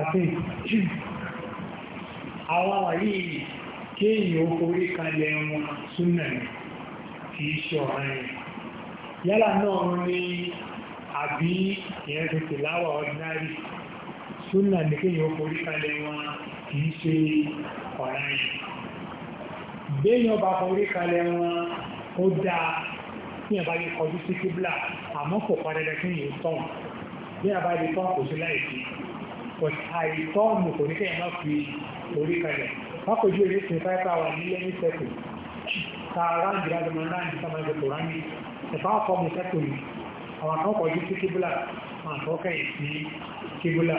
àti àwọn àyí kéèyàn orí kalẹ̀ wọn súnà kì í ṣe ọ̀rẹ́ yálà náà ní àbí ìyẹn tó ti láwà ordinary súnà ní kéèyàn orí kalẹ̀ wọn kì í ṣe ọ̀rẹ́ béèyàn bá orí kalẹ̀ wọn ó dáa ní ẹ̀bá yìí kọjú sí kíblà àmọ́ kò padà dẹ́kún yìí tán ní ẹ̀bá kò sí láìsí but àìtọ́ mú kò ní kẹ́ ẹ̀mọ́ fi orí kalẹ̀ wákòjú èyí sí fáìpá wà ní lẹ́yìn sẹ́kù tààrà ìdíradọmọ náà ní sọmọ ẹgbẹ̀ tòrá ní ẹ̀fà ọkọ̀ mú sẹ́kù ní àwọn akọ́kọ̀ ojú sí kíbùlà àwọn akọ́kọ̀ yìí sí kíbùlà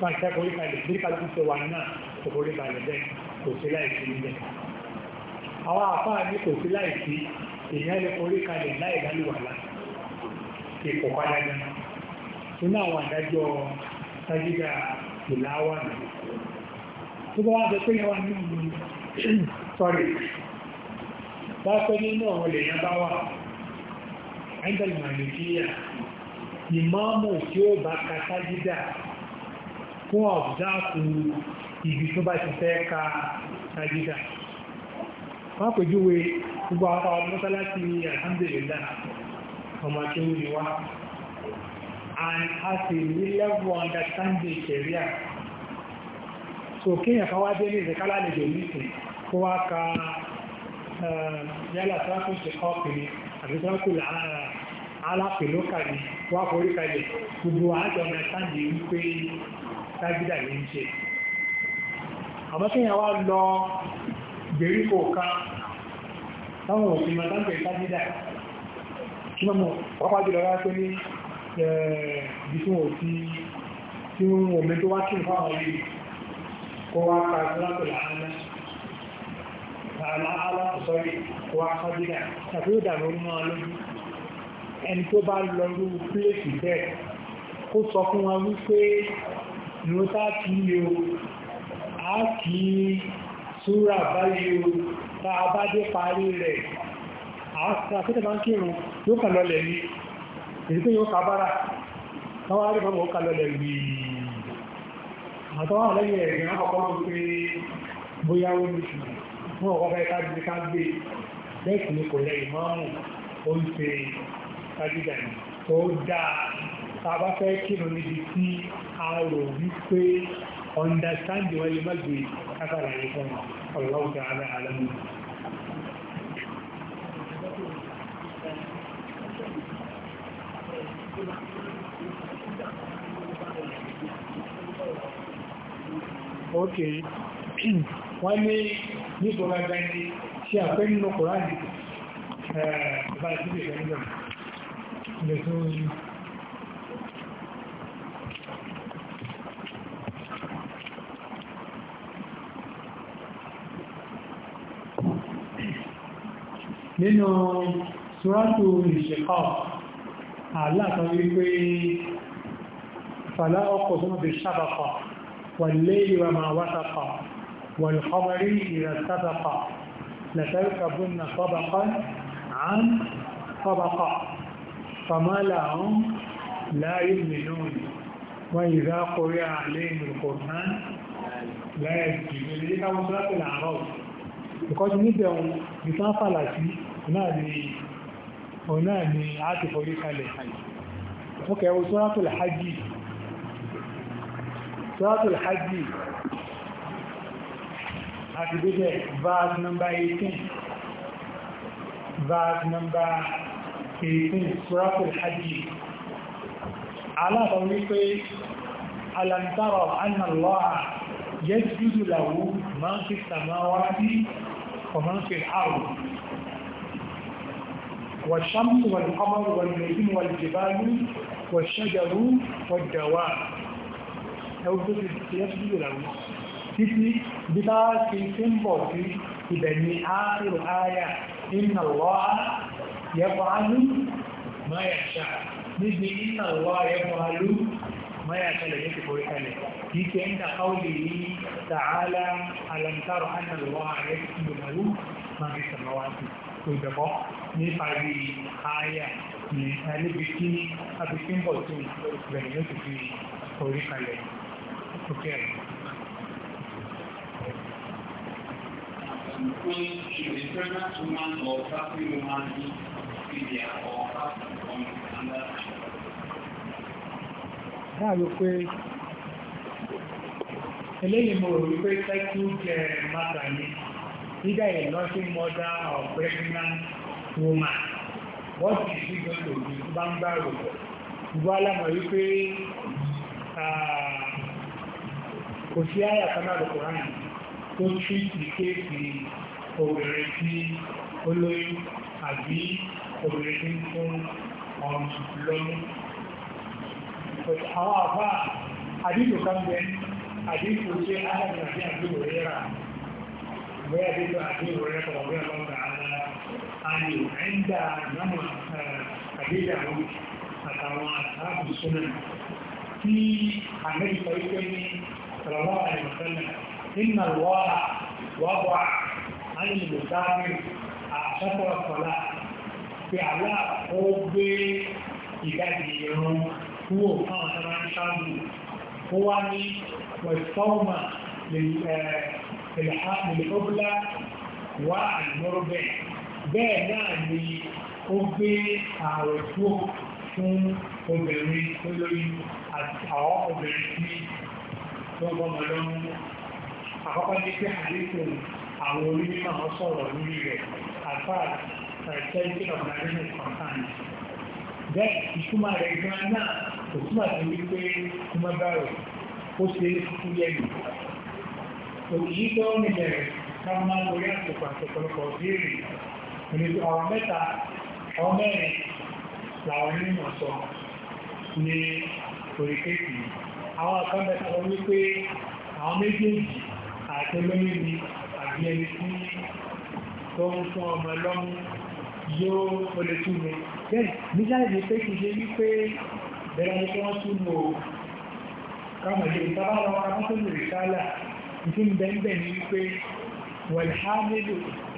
wọ́n ṣe orí kalẹ̀ bí kálukú ṣe wà náà kò orí kalẹ̀ bẹ́ẹ̀ kò sí láìsí níbẹ̀ àwọn àfáà ní kò sí láìsí èèyàn lè orí kalẹ̀ láì dálúwàlá ìkọ̀kọ̀ adájọ́ nínú àwọn adájọ́ sájídà ìláwà nìí tó bá wá jẹ pé yẹwà ní ìlú sọ́rì bá pẹ́ nínú àwọn lèyàn bá wà ẹ́ndẹ̀lì màlìkíyà ìmáàmù tí ó bá ka sájídà fún ọ̀dáàkù ibi tó bá ti fẹ́ ka sájídà wọ́n pèjúwe gbogbo àwọn ọmọ and has a level understanding Sharia. So kíyàn kan wá dé ní ìrẹ̀kálà lè jẹ́ nìsìn kó wá ka eh, yálà sáàkù ṣe ọ́pì ni àti sáàkù alápìlókà ni wá forí kalẹ̀ gbogbo àjọ understanding wípé tágídà lè ń ṣe. Àmọ́ kíyàn wá lọ gbèríkò kan táwọn òfin mọ̀ tágídà kí mọ́ mọ̀ pápá jùlọ rá pé ní ibi tí wọ́n ti tí wọ́n omi tó wá kí n fáwọn yìí kó wá ka síláàtò làálá làálá sọ́rí kó wá sábílà tàbí ó dàbí orí máa lójú ẹni tó bá lọ rú pílẹ̀sì bẹ́ẹ̀ kó sọ fún wa wípé lóta ni o tá èyí tó yóò kábára táwọn arìnrìn mọ́ kalọ̀lẹ̀ wí àtọ́wà lẹ́yìn ẹ̀gbìn àkọ́kọ́ mọ́ pé bóyá ó ní fún ọkọ̀ fẹ́ káàdì ká gbé lẹ́sìn ní kò lẹ́yìn mọ́mù ó ń ṣe kájídà ní tó dáa tàbá fẹ́ kírun níbi tí a rò wípé understand wọn lè má gbé kákàlà yìí fún ọlọ́ọ̀dà aláàlámù ok wọ́n ní nítorí agbáyé ṣe àpẹ́ nínú kòránì ẹ̀bá ìsìnkú ìgbẹ̀rẹ̀ lẹ́tún nínú ṣúrátù ìṣẹ̀kọ́ àlàtọ̀ wípé fàlá ọkọ̀ tó mọ̀ bí sábàkọ̀ والليل وما وثق والخبر إذا اتفق لتركبن طبقا عن طبقة فما لهم لا يؤمنون وإذا قرئ عليهم القرآن لا يسجدون إذا كانوا صلاة الأعراف because níbẹ̀ ohun ìtàn fàlàsí náà ni a ti forí sọ́tùl hajji àti bíbẹ̀ verse number 18 verse number 18 sọ́tùl hajji aláàbọ̀ wípé alantara anna Allah yasjudu lahu man fi samawati wa man fi al-ard والشمس والقمر ẹwọ́n tó ti ṣe sí ìrànwọ́ títí bí bá ti ṣe ń bọ̀ sí ibẹ̀ ni áàrù áyà iná lọ́ yẹ́pọ̀ alú mayàṣà níbi iná lọ́ yẹ́pọ̀ alú mayàṣà lè ní ti kórè kalẹ̀ kìí ṣe ń dàkọ́ lè yí tààlà alàǹtarò ánà lọ́ yẹ́pọ̀ alú máa fi sàmọ́wájú ìgbẹ̀kọ́ níparí ààyà ní ẹlẹ́bí kí ní abìkínbọ̀ tó ìgbẹ̀rẹ̀ yóò ti fi orí kalẹ̀ prepare. When the pregnant woman or pregnant woman is media or has performed under Náà ló pé eléyìí mo rò wípé tẹ́kù jẹ mátà ní either a nursing mother or pregnant woman what is she going to do bá ń gbà rò. Ìgbọ́ alámọ̀ wípé ah, kò sí àyà kanáàlù kòránì tó tírìtì kéèkì obìnrin tí olóyún àbí obìnrin tí ń fún ọmọ lọ́mú àwọn àbá àdìgbò kan bẹ àdìgbò eh, tí ádámù àti àdìgbò rẹ́ra bóyá àdìgbò àdìgbò rẹ́ kọ̀ọ̀ bóyá lọ́gbà ara ayò ẹ̀ńdà náà àdìgbà àtàwọn àtàkùn súnmọ́ tí àmẹ́ríkà wípé ní صلى الله عليه وسلم إن الله وضع عن المسافر شطر الصلاة في علاء حب ìgbàdì ìrún kúrò fáwọn ọ̀sán ṣáàbù ó wá ní wẹ̀sọ́ọ̀mà lèlọ́bùlá wà àìmọ́rọ̀ bẹ́ẹ̀ bẹ́ẹ̀ náà ni ó gbé ààrẹ̀ kúrò fún obìnrin tó lórí àti àwọn obìnrin tí wọ́n bọ́ ma lọ́mú àkọ́kọ́ ní pé àlékún àwọn onímọ̀ àwọn sọ̀rọ̀ lórí rẹ̀ àfà àìsẹ́ńtì organization concern bẹ́ẹ̀ ìtumọ̀ rẹ̀ gan náà kò túmọ̀ sí wípé kúmọ́bárò ó ṣe é kú yẹ̀lú òjì tó ń bẹ̀rẹ̀ ká máa lórí àtòkò àtòkòlòpọ̀ béèrè ìrètò àwọn mẹ́ta àwọn mẹ́rin ní oríkèéfì yìí àwọn àkọ́bẹ̀ sọ wípé àwọn méjèèjì àti olóyìn ni àbí ẹni tí tó ń fún ọmọ lọ́mú yóò ó lè tún mi bẹ́ẹ̀ níjáde ní pé kìí ṣe wípé bẹ̀rẹ̀ ni kí wọ́n tún mọ̀ kámọ̀lé ìtàbára wọn wọ́n tó lè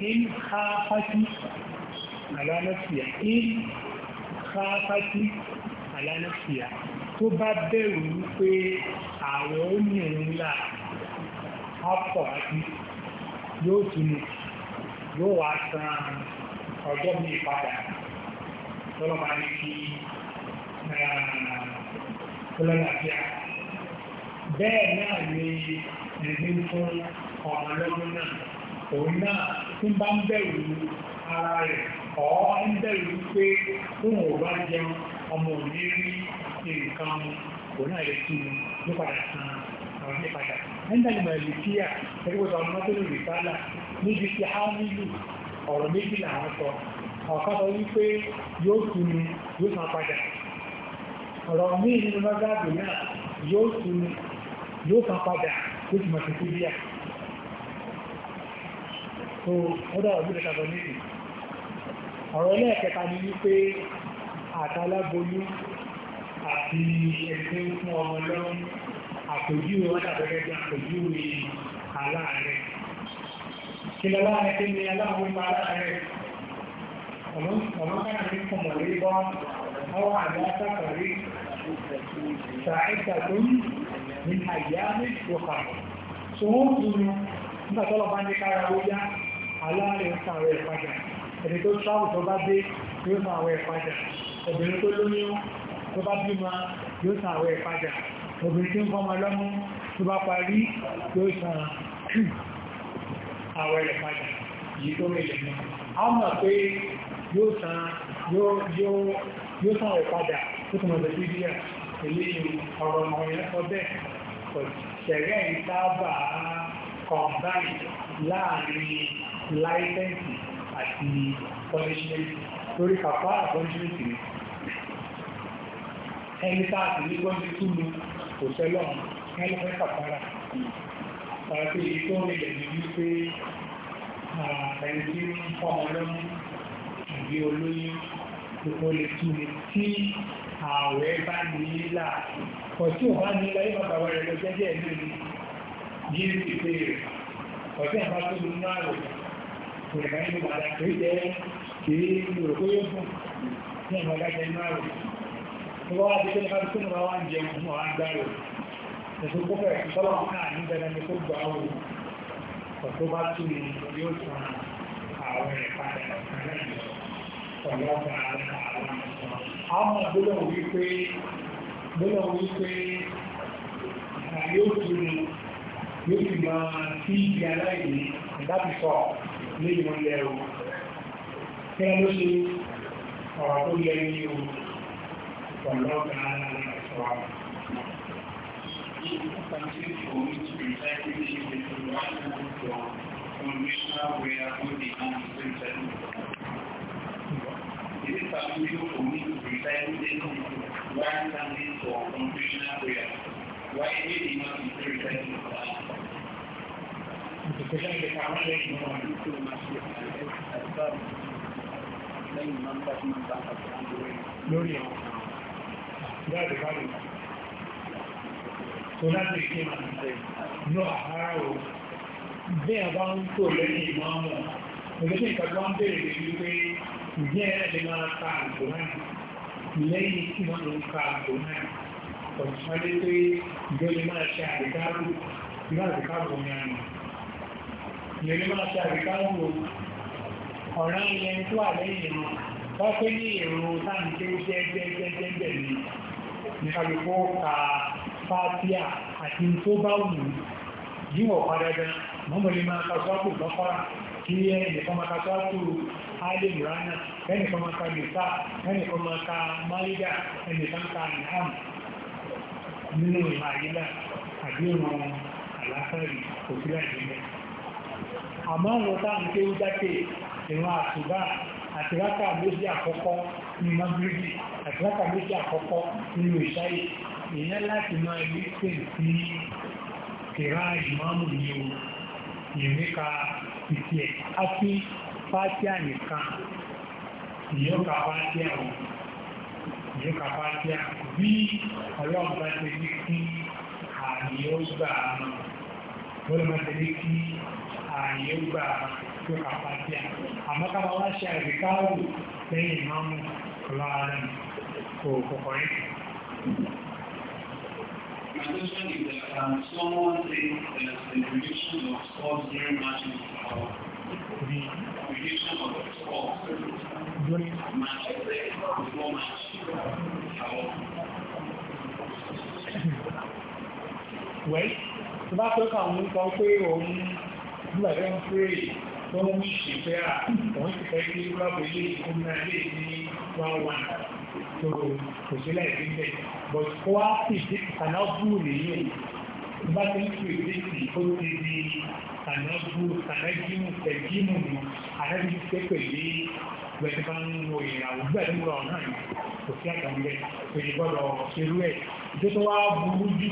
in káfájí alánàfíà in káfájí tó bá bẹ̀rù wípé àwọn onírun ńlá ọ̀pọ̀ àti yóò túnú yóò wá san ọjọ́ mi padà tọ́lọ́bà ní kí bẹ́ẹ̀ náà ni ẹ̀mí fún ọ̀rọ̀ lọ́gbọ́n náà òun náà tí bá ń bẹ̀rù ara rẹ̀ ọmọ òní rí nǹkan òun náà ló padà san àwọn ní padà ẹ́ńdàlì màlìkíyà ẹgbẹ́gbẹ́ta ọmọ tó lè rìbálà níbi tí a nílò ọ̀rọ̀ méjì làwọn sọ ọ̀kan sọ wípé yóò túnú yóò san padà ọ̀rọ̀ míì nínú mọ́gáàbì náà yóò túnú yóò san padà tó ti mọ̀ sí síbíà so ó dọ̀rọ̀ bí lè níbi ọ̀rọ̀ ẹlẹ́ẹ̀kẹta ni wípé àtàláboyún àti ẹ̀sìn fún ọmọ lọ́wọ́ àpèjúwe wọ́n dàbẹ̀rẹ̀ bí àpèjúwe aláàrẹ̀ kí lọ láàrẹ̀ tí ni aláàrẹ̀ máa láàrẹ̀ ọmọkàrí kọmọ̀lé bọ́ ọwọ́ àgbàtàkàrí sàáìsà tó ní ní àyàmì òkà tó wọ́n túnú nígbàtọ́lọ̀ bá ní kára ó yá aláàrẹ̀ ń sàrẹ̀ ìpadà ẹni tó sáwù tó bá dé yóò máa wẹ̀ padà obìnrin tó lóyún tó bá bímọ yóò san àwẹ̀ ìpadà obìnrin tí ń fọmọ lọ́mú tó bá parí yóò san àwẹ̀ ìpadà yìí tó rẹ̀ lẹ́nu a mọ̀ pé yóò san àwẹ̀ ìpadà tó tún ọ̀dọ̀ sí díẹ̀ èyí ọ̀rọ̀ ọmọ yẹn bẹ́ẹ̀ láàrin láìsẹ́ǹsì àti punishment torí kàfá àkọ́ńtìrìtì ni ẹni tá a sì ní gbọ́njú tún lu kò sẹ́lọ̀ ẹni fẹ́ kàfàrà pàtàkì èyí tó ń rẹ̀ ní wípé ẹni tí ń fọmọ lọ́mú àbí olóyún gbogbo lè tún lè tí ààrẹ bá nílà ọ̀tí ò bá nílà yóò bàbá rẹ̀ lọ jẹ́jẹ́ ẹ̀mí ni yìí ti pé rẹ̀ ọ̀tí àbá tó lu náà rẹ̀ kò kì í rò pé yóò fún ní ọmọ ìdájẹ́ iná rẹ̀ tó wá wá dípé nípa tó nípa wá ń jẹun fún ọ̀hán gbá rẹ̀ èso kófẹ́ tọ́lọ̀ náà ní dandan ni kó gbà wò ọ̀tọ́ bá tún ní yóò san àwọn ìpadà ìpínlẹ̀ pẹ̀lú ọ̀gá àwọn àwọn gbọ́dọ̀ wí pé gbọ́dọ̀ wí pé yóò tún ní yóò tún máa sí ibi aláìní ìdábìsọ̀ lẹ́yìn wọn lẹ́rù kí wọ́n ló ṣe ọ̀rọ̀ tó where ní o pọ̀lọ́gbà ẹ̀ṣọ́ àwọn. Is it possible for me to recite this one Sunday for congregational prayer? Why did he not recite the Quran? Because I can't lẹ́yìn máa ń bá tí máa ń bá àti àjò rẹ̀ lórí ẹ̀wọ̀n láti bá lè tó láti rí kí máa ń tẹ̀ ní àhárá o bí a bá ń tó lẹ́yìn ìmọ̀ọ́mù olóṣèlú ìkàgbọ́ ń bèèrè wípé ìjẹ́ ẹ̀lẹ́ máa ta ọ̀ràn ilẹ̀ tó wà lẹ́yìn wọn wọ́n pé ní èrò sáǹdé jẹ́jẹ́jẹ́jẹ́ ní ìkàlùkọ́ ka fàtíà àti tó bá wù yíwọ̀ padàdà mọ́mọ̀lẹ́ máa ka sọ́pù lọ́kọ́ra kí ẹnìkan máa ka sọ́pù alẹ́ ìrànà ẹnìkan máa ka lùsà ẹnìkan máa ka máyídà ẹnìkan ka nìhàm nínú ìhà àyílà àbí ìrùn àlàáfẹ́ àmọ́ àwọn táwọn tó ń jáde ìran àtìbá àtìrákà méjì àkọ́kọ́ ní magridi àtìrákà méjì àkọ́kọ́ nínú ìṣáyé ìyẹn láti máa rí pè sí ìran ìmáàmù ní o ìmíka ìtì ẹ̀ á sí fátíà nìkan ìyọ́ka fátíà o ìyọ́ka fátíà bí ọlọ́ọ̀bá ti ní kí àmì ó gbà á lọ́lọ́mọ́ ti ní kí ààyè gbà tó kàpá sí à àmọ́ ká máa wá ṣe àìríkáàrù lẹ́yìn ìmáàmù ọlọ́ ara mi kò kọ̀kọ́ someone said that um, the reduction of sports during matches or the reduction of sports during matches before match or Well, tó bá tó kà ń sọ pé òun nígbà tí wọ́n pé tó ń wí ìṣẹ̀fẹ́ à wọ́n ti fẹ́ kí rọ́bù ilé ìkúnná lè ní one one tó kò sí láìpẹ́ bẹ́ẹ̀ but kó wá sí ìdí ànábù nìyẹn bá ti ń fi ìdí sí ó ti di ànábù ànájímù tẹ̀jímù ni ànábì ti pẹ̀lú gbẹ̀dẹ̀ bá ń wo ìràwọ̀ gbẹ̀dẹ̀ múra ọ̀nà yìí kò sí àtàlẹ́ òye gbọ́dọ̀ ṣerú ẹ̀ ìjọ tó wá burú jù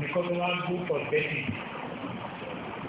nìkan tó wá gbó for betting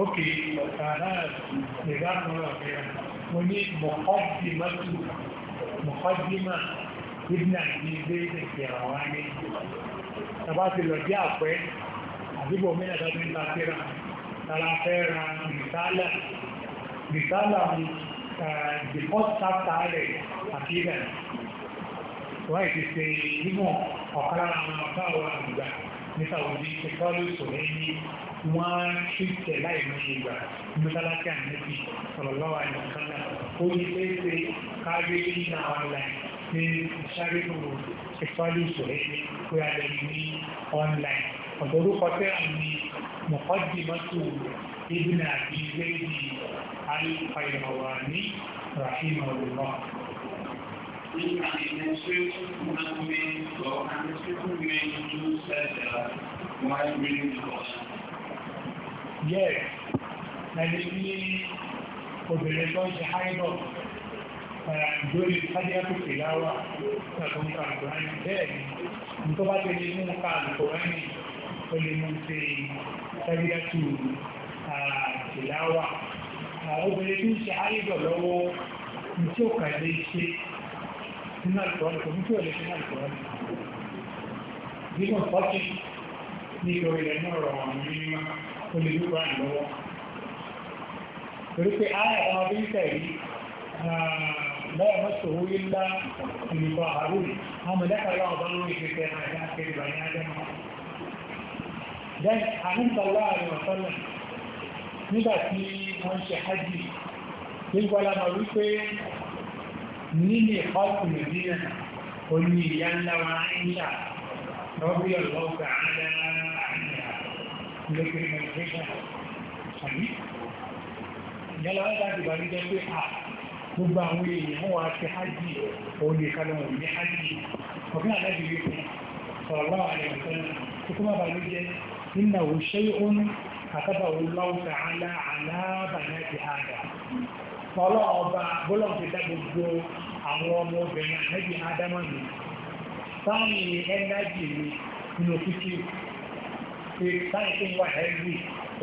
ok ọ̀tàrà ìrànlọ́rọ̀ rẹ̀ mo ní mọ̀kọ́dìmọ́tò mọ̀kọ́dìmọ́ ìdínà ní ilé ìṣẹ̀rọ̀ wá ní tàbá ti lọ jẹ́ àpẹ́ àdúgbò mẹ́rin tàbí ń tàbíra tàbá fẹ́ ra nìtálà nìtálà the first chapter rẹ̀ àti ìrẹ̀lẹ̀ wáyé ti ṣe ìgbìmọ̀ ọ̀kan lára àwọn ọ̀gá àwọn àgbà nípa òbí ṣe kọ́lù sọ̀rọ̀ ní wọ́n ṣì tẹ̀ láì mọ ìgbà mọ́tàlákì àmẹ́bí sọ̀rọ̀lọ́wà ìkànnà ó ní pé ṣe káàgbé nígbà online ní ìṣàrẹ́kù ṣe kọ́lù sọ̀rọ̀ ní kúrẹ́lẹ̀ ní online ọ̀dọ̀ orúkọ tẹ́ àmì mọ̀kọ́dì mọ́tò ibùdó àti ìgbéyìí alifayọ̀wà ní rahimahullah which an administration must make or administration may do better while reading the course. Yes, ẹni tí obìnrin tó ń ṣe háìbọ̀ lórí sájíápùpù láwà pẹ̀lú àgbáyé bẹ́ẹ̀ ni tó bá tẹ́lẹ̀ mú ká àgbáyé ó lè mú sí sájíápùpù àtìláwà obìnrin tí ń lọ́wọ́ tí ó kàlẹ̀ ṣe sínú àìkọ́ọ̀lù kò ní tí ò lè sínú àìkọ́ọ̀lù nígbà pọ́tí nítorí rẹ̀ náà rọ̀ wọ̀n ní olùdúgbà lọ́wọ́ torí pé ààrẹ àwọn ọdún tẹ̀rí lọ́yà mọ́sọ̀ owó ńlá ìlúkọ̀ àrùn àwọn mọ̀lẹ́kà láwọn bá lórí ìgbésẹ̀ àti àkẹ́rì bàyá dẹ́mọ̀ then àníntàlá àríwọ̀sọ́lẹ̀ nígbà tí wọ́n ṣe hajj nígbà lámà wípé nílé ọkù mẹ́dínà ó ní ìyá ńlá wa Àìṣà lọ́bí ọ̀lọ́gbà ńlá àìyà lókè mẹ́dínà àbí ìyálà wọ́n láti bá rí jẹ́ pé à gbogbo àwọn èèyàn wà ti hajji òní kalọ̀wọ̀n ní hajji ọ̀gbìn àlẹ́bí rí fún sọ̀rọ̀lọ́ àrẹ̀mọ̀tán tó kúmọ̀ bá ló jẹ́ nínà ò ṣe é ó ní àtàbà ó lọ́wọ́ ọlọ́run ọba bọ́lọ́run ti dá gbogbo àwọn ọmọ obìnrin àmẹ́bí ádámà mi sáàmì ẹnájì mi nínú títí pé sáàmì tó ń wà ẹ́rì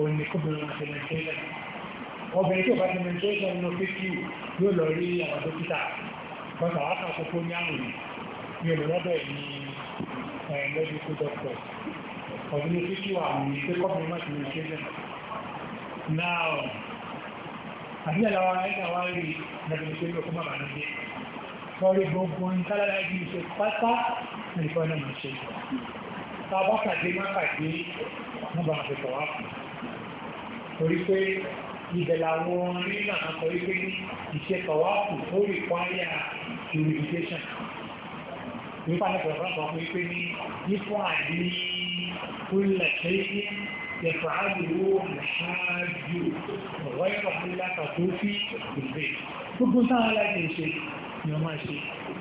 òní kóbìnrin àti mẹ́tẹ́lẹ̀ obìnrin tí ò bá ti mẹ́tẹ́lẹ̀ nínú títí yóò lọ rí àwọn dókítà bọ́tà wá kà kókó ní àrùn ní olùrọ́bẹ̀ ní mẹ́díkù dọ́kítọ̀ ọdún títí wà ní pé kọ́bìnrin má ti mẹ́tẹ́lẹ̀ náà àbí àlàwà ẹ̀dà wá rí ìdàgbàsókè ló fún bàbá níbi sọ́rí gbogbo ń tálára ibi ìṣẹ́ pátá nìkọ́ ẹ̀nà máa ṣe ìjọ ta bá kàdé má kàdé wọ́n bá àfẹ́fọ́ wá fún torí pé ìbẹ̀lẹ̀ àwọn rí náà sọ wípé ìṣẹ́ kọ̀wá fún ó ní nípa àdí kúlẹ̀ ṣe يفعله الحاج غير حلة توفي بالبيت gbogbo sáà láti ṣe ni ọmọ ṣe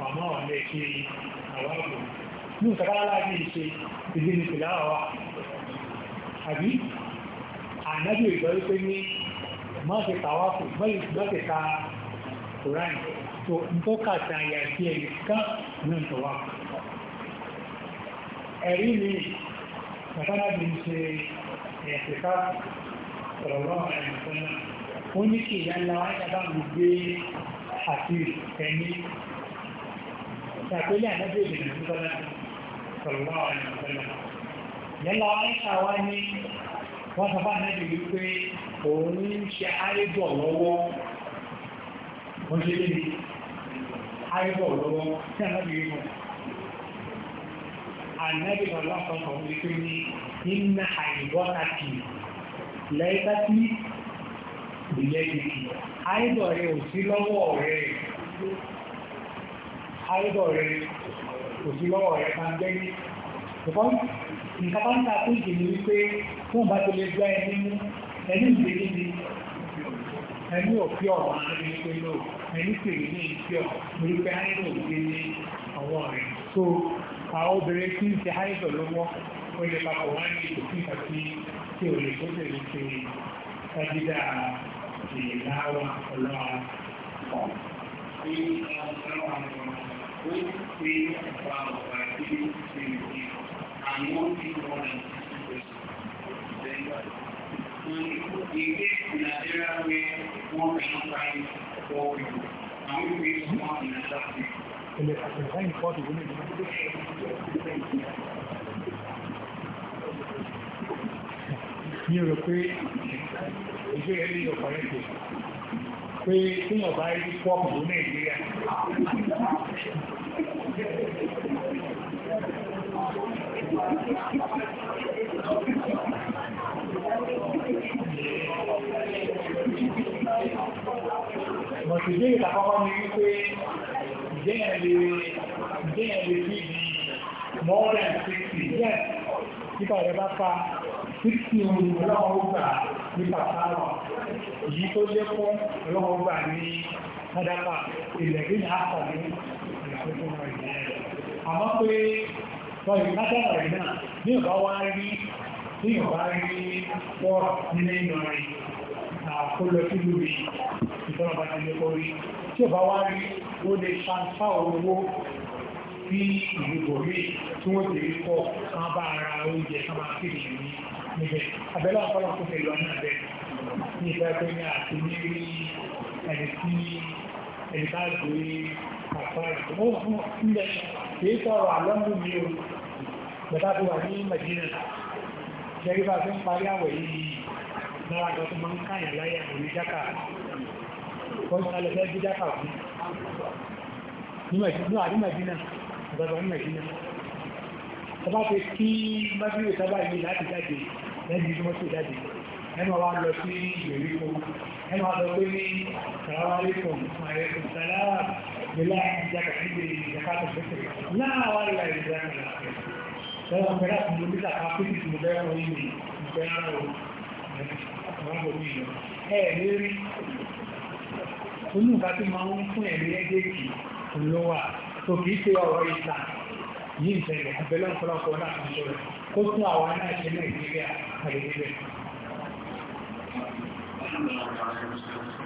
àmọ́ ọ̀lẹ́ ṣe àwárò ní ìsàkára láti ṣe ìdí ni pìlá àwá àbí ànábì ìgbọ́ wípé ní má ṣe tàwáfù má ṣe ta kòránì tó ń tó kàtà àyà sí ẹ̀yẹ kan ní ìtọ̀wáfù ẹ̀rí ni bàtàrà bí ń ẹ̀ẹ̀kẹ́kẹ́ ọ̀rọ̀lọ́ àìsàn ó ní kí ìyá ńlá wáyé bá mú gbé àti ẹni ìṣàpélé àdájọ́ ìdènà tó bá ọ̀rọ̀lọ́ àìsàn ìyá ńlá náà nínú àìbọ́ àti lẹ́ẹ̀ká tí ìlẹ́ ìdí àìbọ̀ rẹ̀ ò sí lọ́wọ́ rẹ̀ àìbọ̀ rẹ̀ ò sí lọ́wọ́ rẹ̀ máa gbẹ́ ní ṣùgbọ́n nǹkan bá ń ta tó jì ní wípé wọ́n bá tó lè gbá ẹni mú ẹni ìgbé níbi ẹni òfin ọ̀rọ̀ àárín wípé lóò ẹni pèrè ní ìfẹ́ ọ̀rọ̀ àwọn obìnrin tí ń ṣe háìsọ̀ lọ́wọ́ ó lè papọ̀ wá ní ìtòkí àti tí ò lè tó tẹ̀lé ṣe ṣájídá ìláwà ọlọ́wà ọ̀. In case in an area where one cannot find four people, and we meet one in a class اللي الغين فاضي يقول ní ọ̀rọ̀ pé ìjọ ẹ̀rí ọ̀pọ̀lẹ́ tó pé tí wọ́n bá rí pọ́ọ̀pù ní Nàìjíríà Mọ̀sílẹ̀ ìtàkọ́kọ́ ni wípé jẹ́ ẹ̀lẹ́ tí more than 60 yes nípa rẹ̀ bá fa 60 ohun ọlọ́wọ́ gbà nípa sáàrọ̀ èyí tó jẹ́ fún ọlọ́wọ́ gbà ní sádàpà ilẹ̀ rí ní àpàdé ìrìnàjò rẹ̀ àmọ́ pé sọ̀rọ̀ ìpátẹ́rọ̀ rẹ̀ náà ní ọ̀bá wá rí ní ọ̀bá rí pọ̀ wọ́n lè ṣàǹfà owó sí ìlúgbò rí tí wọ́n ti rí pọ̀ kan bá ara oúnjẹ kan máa fi rí níbẹ̀. Àbẹ́lẹ̀ ọ̀pọ̀lọ̀ kò fẹ́ lọ náà bẹ́ẹ̀ ní ìfẹ́ pé ní àti ní rí ẹni tí ẹni bá gbé àpárá. Ó fún ilẹ̀ kìí sọ̀rọ̀ àlọ́mù mi o, bẹ̀tà tó wà ní Mẹ̀dínà. Jẹ́rí bá fi ń parí àwẹ̀ yìí lára kan tó máa ń káyàn láyà òní jákàá kan sálẹ̀ fẹ́ jíjá kàkú ní àdímàdínà ọ̀gbọ̀gbọ̀ àdímàdínà ọba pé kí mábíwò sábà yìí láti jáde lẹ́nu ìjọmọ́ tó jáde ẹmọ wa lọ sí ìgbèríko ẹmọ wa lọ pé ní sàráwárẹ́kùn àrẹ́kùn sàráwà gbẹ̀lá ìjàkà síbi ìjàkà tó fẹ́ láàwá ìlà ìjàkà lọ́wọ́ ọmọ ẹ̀rọ àti ìlú ìjàkà pé kí ìjùmọ̀ bẹ́ẹ̀ wọ́n yìí ìgbẹ́ inú nǹkan tó ń fún ẹ̀mí ẹgbẹ́jì ló tó kìí ṣe ọ̀rọ̀ ìta yìí ìṣẹ̀lẹ̀ abẹ́lẹ́ ọ̀pọ̀lọpọ̀